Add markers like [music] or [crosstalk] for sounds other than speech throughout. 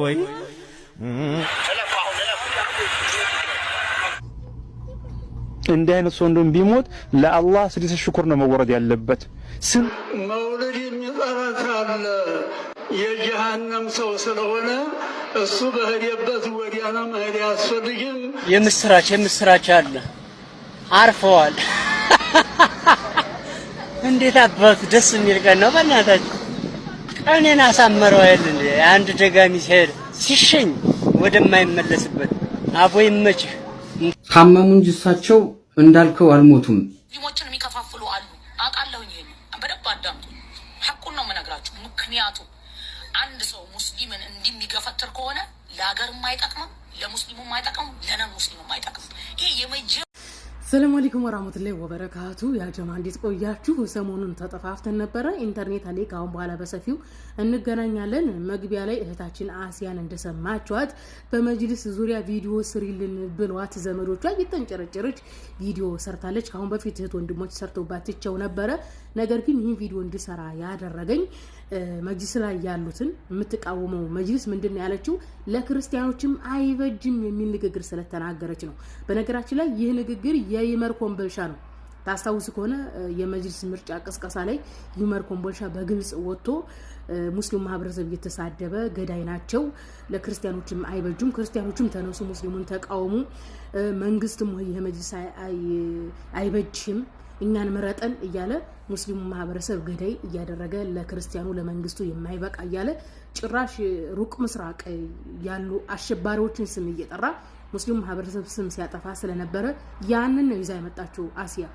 ወይ እንዲህ አይነት ሰው እንደውም ቢሞት ለአላህ ስድስት ሽኩር ነው መወረድ ያለበት። ስም መውለድ የሚጠራ ካለ የጀሃነም ሰው ስለሆነ እሱ በሄደበት ወዲያና መሄድ አያስፈልግም። የምስራች የምስራች አለ አርፈዋል። [laughs] እንዴት አባቱ ደስ የሚል ቀን ነው በእናታችሁ እኔን አሳመረው አይደል እንዴ? አንድ ደጋሚ ሲሄድ ሲሸኝ ወደማይመለስበት አቦ ይመችህ። ታመሙ እንጂ እሳቸው እንዳልከው አልሞቱም። ሊሞችን የሚከፋፍሉ አሉ አውቃለሁ። ይሄን በደንብ አዳምጡ፣ ሐቁን ነው የምነግራችሁ። ምክንያቱ አንድ ሰው ሙስሊምን እንዲህ የሚገፈትር ከሆነ ለሀገርም አይጠቅምም፣ ለሙስሊሙም አይጠቅምም፣ ለነን ሙስሊሙም አይጠቅምም። ይሄ የመጀ ሰላም አለይኩም ወራህመቱላሂ ወበረካቱ። ያ ጀማ እንዴት ቆያችሁ? ሰሞኑን ተጠፋፍተን ነበረ። ኢንተርኔት ላይ ከአሁን በኋላ በሰፊው እንገናኛለን። መግቢያ ላይ እህታችን አሲያን እንደሰማችኋት በመጅልስ ዙሪያ ቪዲዮ ስሪልን ብሏት ዘመዶቿ እየተንጨረጨረች ቪዲዮ ሰርታለች። ከአሁን በፊት እህት ወንድሞች ሰርተውባት ትቸው ነበረ። ነገር ግን ይህን ቪዲዮ እንድሰራ ያደረገኝ መጅልስ ላይ ያሉትን የምትቃወመው መጅልስ ምንድን ነው ያለችው ለክርስቲያኖችም አይበጅም የሚል ንግግር ስለተናገረች ነው። በነገራችን ላይ ይህ ንግግር የይመር ኮንበልሻ ነው። ታስታውስ ከሆነ የመጅሊስ ምርጫ ቅስቀሳ ላይ ይመር በግልጽ ወጥቶ ሙስሊም ማህበረሰብ እየተሳደበ ገዳይ ናቸው፣ ለክርስቲያኖችም አይበጁም፣ ክርስቲያኖችም ተነሱ፣ ሙስሊሙን ተቃውሙ፣ መንግስትም ይህ መጅሊስ አይበጅም፣ እኛን ምረጠን እያለ ሙስሊሙ ማህበረሰብ ገዳይ እያደረገ ለክርስቲያኑ ለመንግስቱ የማይበቃ እያለ ጭራሽ ሩቅ ምስራቅ ያሉ አሸባሪዎችን ስም እየጠራ ሙስሊሙ ማህበረሰብ ስም ሲያጠፋ ስለነበረ ያንን ነው ይዛ የመጣችው አሲያ።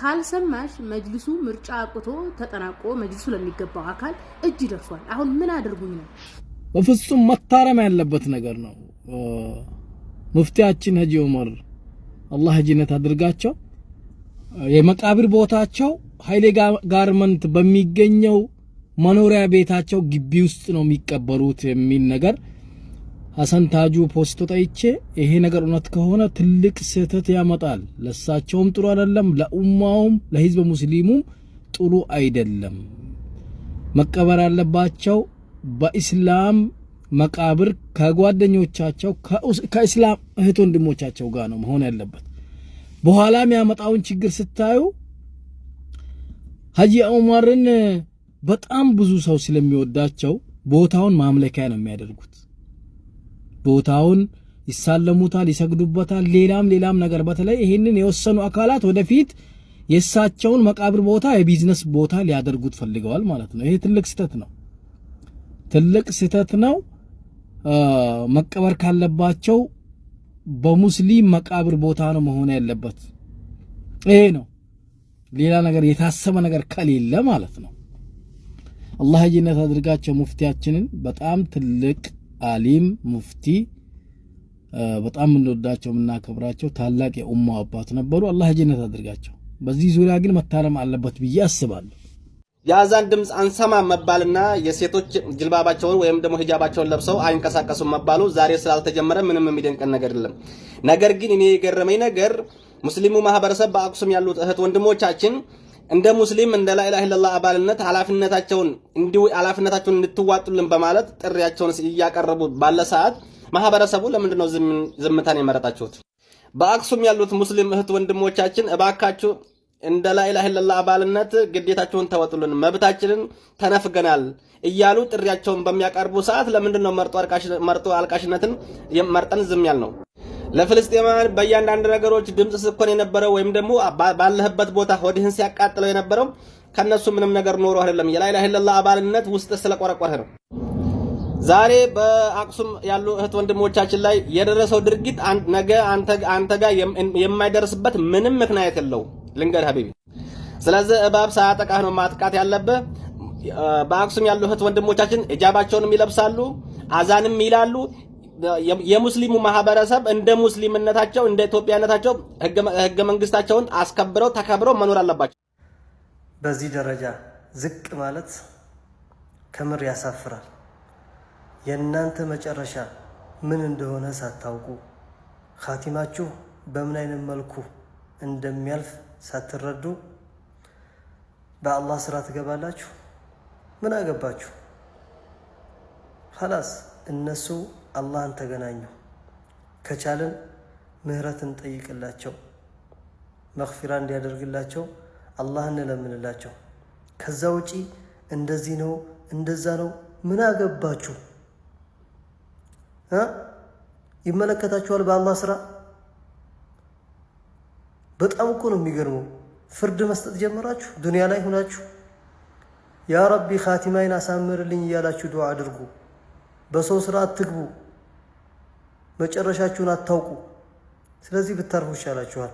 ካልሰማሽ መጅልሱ ምርጫ አቁቶ ተጠናቆ መጅልሱ ለሚገባው አካል እጅ ደርሷል። አሁን ምን አድርጉኝ ነው? በፍጹም መታረም ያለበት ነገር ነው። ሙፍቲያችን ሀጂ ዑመር አላህ ሀጂነት አድርጋቸው የመቃብር ቦታቸው ኃይሌ ጋርመንት በሚገኘው መኖሪያ ቤታቸው ግቢ ውስጥ ነው የሚቀበሩት የሚል ነገር ሀሰን ታጁ ፖስቶ ጠይቼ፣ ይሄ ነገር እውነት ከሆነ ትልቅ ስህተት ያመጣል። ለሳቸውም ጥሩ አይደለም፣ ለኡማውም ለህዝብ ሙስሊሙም ጥሩ አይደለም። መቀበር ያለባቸው በኢስላም መቃብር ከጓደኞቻቸው ከእስላም እህት ወንድሞቻቸው ጋር ነው መሆን ያለበት። በኋላ የሚያመጣውን ችግር ስታዩ ሀጂ ዑመርን በጣም ብዙ ሰው ስለሚወዳቸው ቦታውን ማምለኪያ ነው የሚያደርጉት። ቦታውን ይሳለሙታል፣ ይሰግዱበታል፣ ሌላም ሌላም ነገር። በተለይ ይህንን የወሰኑ አካላት ወደፊት የእሳቸውን መቃብር ቦታ የቢዝነስ ቦታ ሊያደርጉት ፈልገዋል ማለት ነው። ይሄ ትልቅ ስህተት ነው፣ ትልቅ ስህተት ነው። መቀበር ካለባቸው በሙስሊም መቃብር ቦታ ነው መሆን ያለበት። ይሄ ነው። ሌላ ነገር የታሰበ ነገር ከሌለ ማለት ነው። አላህ ጀነት አድርጋቸው። ሙፍቲያችንን በጣም ትልቅ አሊም ሙፍቲ፣ በጣም የምንወዳቸው የምናከብራቸው ታላቅ የኡማው አባት ነበሩ። አላህ ጀነት አድርጋቸው። በዚህ ዙሪያ ግን መታረም አለበት ብዬ አስባለሁ። የአዛን ድምፅ አንሰማ መባልና የሴቶች ጅልባባቸውን ወይም ደግሞ ሂጃባቸውን ለብሰው አይንቀሳቀሱም መባሉ ዛሬ ስላልተጀመረ ምንም የሚደንቀን ነገር የለም። ነገር ግን እኔ የገረመኝ ነገር ሙስሊሙ ማህበረሰብ በአክሱም ያሉት እህት ወንድሞቻችን እንደ ሙስሊም እንደ ላኢላህ ኢላላህ አባልነት ኃላፊነታቸውን እንዲሁ ኃላፊነታቸውን እንድትዋጡልን በማለት ጥሪያቸውን እያቀረቡ ባለ ሰዓት ማህበረሰቡ ለምንድን ነው ዝምታን የመረጣችሁት? በአክሱም ያሉት ሙስሊም እህት ወንድሞቻችን እባካችሁ እንደ ላኢላሀ ኢለላህ አባልነት ግዴታቸውን ተወጡልን፣ መብታችንን ተነፍገናል እያሉ ጥሪያቸውን በሚያቀርቡ ሰዓት ለምንድን ነው መርጦ አልቃሽነትን መርጠን ዝም ያልነው? ለፍልስጤማውያን በእያንዳንድ ነገሮች ድምፅ ስኮን የነበረው ወይም ደግሞ ባለህበት ቦታ ሆድህን ሲያቃጥለው የነበረው ከነሱ ምንም ነገር ኖሮ አይደለም። የላኢላሀ ኢለላህ አባልነት ውስጥ ስለቆረቆረህ ነው። ዛሬ በአክሱም ያሉ እህት ወንድሞቻችን ላይ የደረሰው ድርጊት ነገ አንተ ጋር የማይደርስበት ምንም ምክንያት የለውም። ልንገድ ሀቢቢ። ስለዚህ እባብ ሳያጠቃህ ነው ማጥቃት ያለብህ። በአክሱም ያሉ እህት ወንድሞቻችን እጃባቸውንም ይለብሳሉ፣ አዛንም ይላሉ። የሙስሊሙ ማህበረሰብ እንደ ሙስሊምነታቸው እንደ ኢትዮጵያነታቸው ህገ መንግስታቸውን አስከብረው ተከብረው መኖር አለባቸው። በዚህ ደረጃ ዝቅ ማለት ከምር ያሳፍራል። የእናንተ መጨረሻ ምን እንደሆነ ሳታውቁ ካቲማችሁ በምን አይነት መልኩ እንደሚያልፍ ሳትረዱ በአላህ ስራ ትገባላችሁ። ምን አገባችሁ? ኸላስ እነሱ አላህን ተገናኙ። ከቻልን ምህረትን እንጠይቅላቸው መኽፊራ እንዲያደርግላቸው አላህ እንለምንላቸው። ከዛ ውጪ እንደዚህ ነው እንደዛ ነው ምን አገባችሁ? ይመለከታችኋል በአላህ ስራ በጣም እኮ ነው የሚገርመው። ፍርድ መስጠት ጀመራችሁ ዱንያ ላይ ሁናችሁ። ያ ረቢ ኻቲማይን አሳምርልኝ እያላችሁ ዱዓ አድርጉ። በሰው ስራ አትግቡ፣ መጨረሻችሁን አታውቁ። ስለዚህ ብታርፉ ይሻላችኋል።